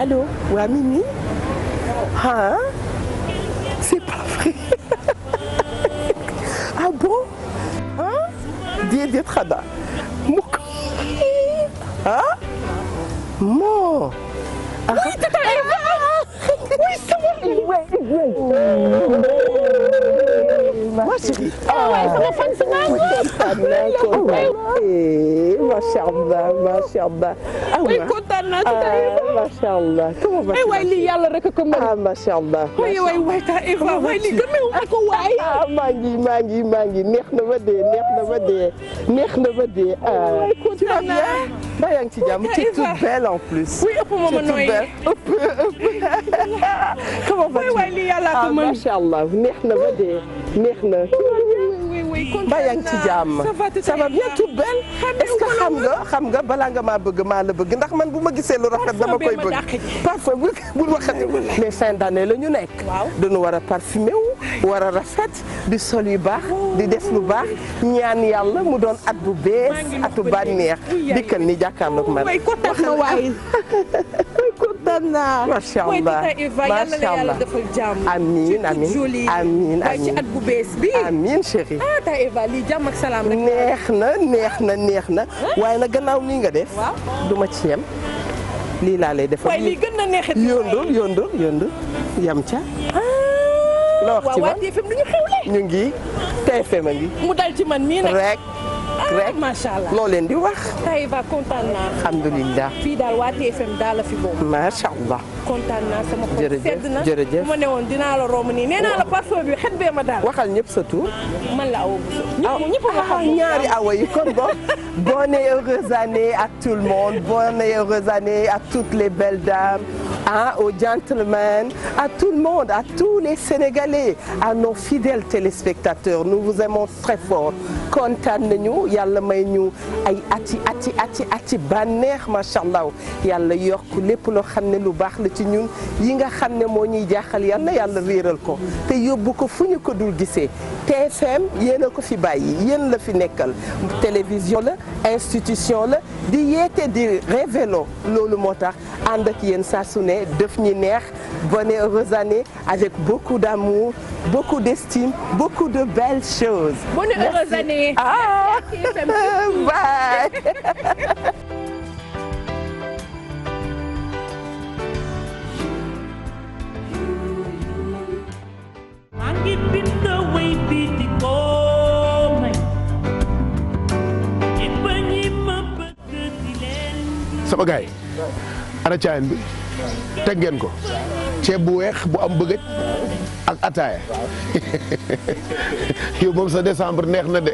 allo waa Mimi ah c'est pas vrai ah bon ah déedéet xanaa mu ko ah moo. ah oui tata Eva oui sama. ma chérie. ah waaye sama fan si naa ko. ma chère ba ma chère ba. ah kontaan naa macha allah tuuma yàlla rek ko mën ah, macha allah waay waay waay ta Eva waay lii gëmewu ma ko waay ah, maa ngi maa ngi maa ngi na ba dee neex na ba dee neex na ba dee ah. kontaan naa mbaa yaa ngi ci jàmm tu es toute belle en plus oui ëpp ma ma nooy yàlla ko mën macha allah na ba dee neex na ba yaa ngi ci jàmm ça va bien tout belle est-ce que xam nga xam nga bala nga maa bëgg maa la bëgg ndax man bu ma gisee lu rafet dama koy bëgg parfois bu bu waxati mais fin d'année la ñu nekk dañu war a parfumé wu war a rafet di sol yu baax di def lu baax ñaan yàlla mu doon at bu bees atu bànneex dikkal ni ma man gërëm naa. macha allah macha allah defal jàmm. amiin amiin amiin amiin waaye ci at bu bees bi. amiin chéri. ah ta Eva lii jàmm ak salaam rek. neex na neex na neex na. waaye nag gannaaw nii nga def. waaw du ma ci yem. lii laa lay defal waaye lii gën na neexit. yondul yondul yondul yam ca. Ah, la wax ci ma waaw waaw TFM du ñu xewle. ñu ngi TFM a ngi. mu dal ci man nii nag rek. Ah, rek rek macha allah loo leen di wax. Taïba kontaan naa. alhamdulilah fii daal waa TFM daal la fi boobu. macha allah. kontaan naa sama xol na jërëjëf ma ne woon dinaa la romb nii nee naa la parfum bi xet bee ma daal. ñëpp sa man la awa bu ñëpp ah, ma ah, xam ñaari awa yi kon bon. bonne et heureuse année à tout le monde bonne hein, aux gentlemen, à tout le monde, à tous les Sénégalais, à nos fidèles téléspectateurs. Nous vous aimons très fort. kontaan nañu yàlla may ñu ay ati ati ati ati bànneex macha allah yàlla yokk lépp loo xam ne lu baax la ci ñun yi nga xam ne moo ñuy jaaxal yal na yàlla réeral ko te yóbbu ko fu ñu ko du gisee TFM yéen ko fi bàyyi yéen la fi nekkal télévision la institution la di yeete di révélo loolu moo tax ànd ak sa saa su ne def ñi neex bonne et heureuse année avec beaucoup d'amour beaucoup d'estime beaucoup de belles choses. bonne heureuse année. ah bye. ana caayin bi teg ngeen ko ceeb bu weex bu am bëggëj ak ataaya yow moom sa décembre neex na de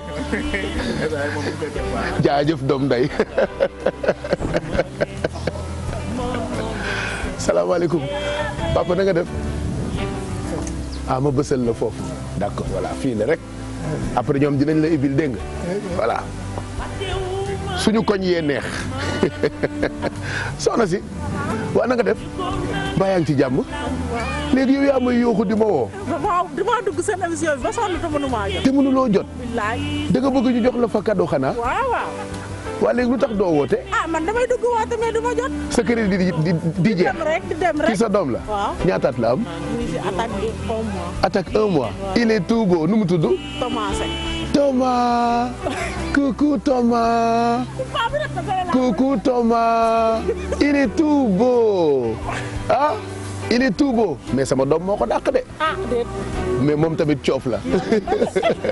jaajëf doom nday salaamaaleykum papa na nga def ah ma bësal la foofu d'accord voilà fii la rek après ñoom dinañ la ibil dégg nga suñu koñ yee neex soxna si waa na nga def mbaa ngi ci jàmm léegi yow yaa may yooxu di ma woo. waaw dugg seen émission ba sonn te mënuloo jot. danga bëgg ñu jox la fa cadeau xanaa. waaw waaw. waa léegi lu tax doo woote. ah man damay dugg woote mais du ma jot. sa crédit di di di jeex. di dem rek di dem rek ci sa doom la. waaw ñaataat la di ah, attaque un mois. attaque un mois. il est tout beau nu mu tudd. Thomas Thomas coucou Thomas coucou Thomas il est tout beau ah il est tout beau mais sama doom moo ko dàq de. Ah, mais moom tamit coof la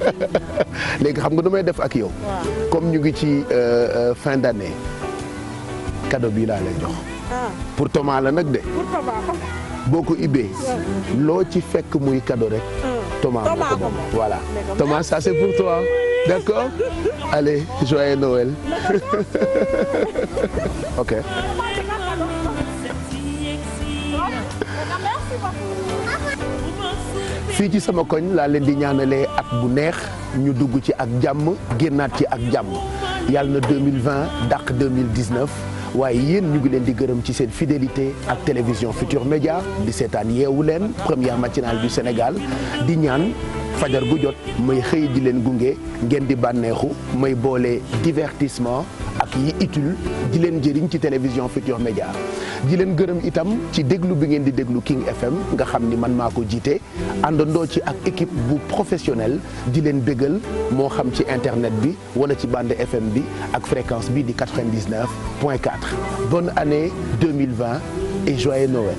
léegi xam nga nu may def ak yow. comme ñu ngi ci euh, euh, fin d'année cadeau bii laa lay jox. Ah. pour Thomas la nag de. pour Thomas. ko ibbee loo ci fekk muy cadeau rek. Thomas. Thomas bon. Voilà. Thomas, ça c'est pour toi. D'accord Allez, joyeux Noël. ok. fii ci sama koñ laa leen di ñaanale at bu neex ñu dugg ci ak jàmm génnaat ci ak jàmm yàlla na 2020 dàq 2019 waaye yéen ñu ngi leen di gërëm ci seen fidélité ak télévision Futur Média di seetaan yeewu leen première matinale du Sénégal di ñaan fajar gu jot may xëy di leen gunge ngeen di bànneexu may boole divertissement ak yi utule di leen jëriñ ci télévision Futur Média di leen gërëm itam ci déglu bi ngeen di déglu King FM nga xam ni man maa ko jiite àndandoo ci ak équipe bu professionnel di leen bégal moo xam ci internet bi wala ci bande FM bi ak fréquence bii di 99 point 4 bonne année 2020 et joyeux Noël